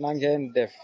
na ngeen def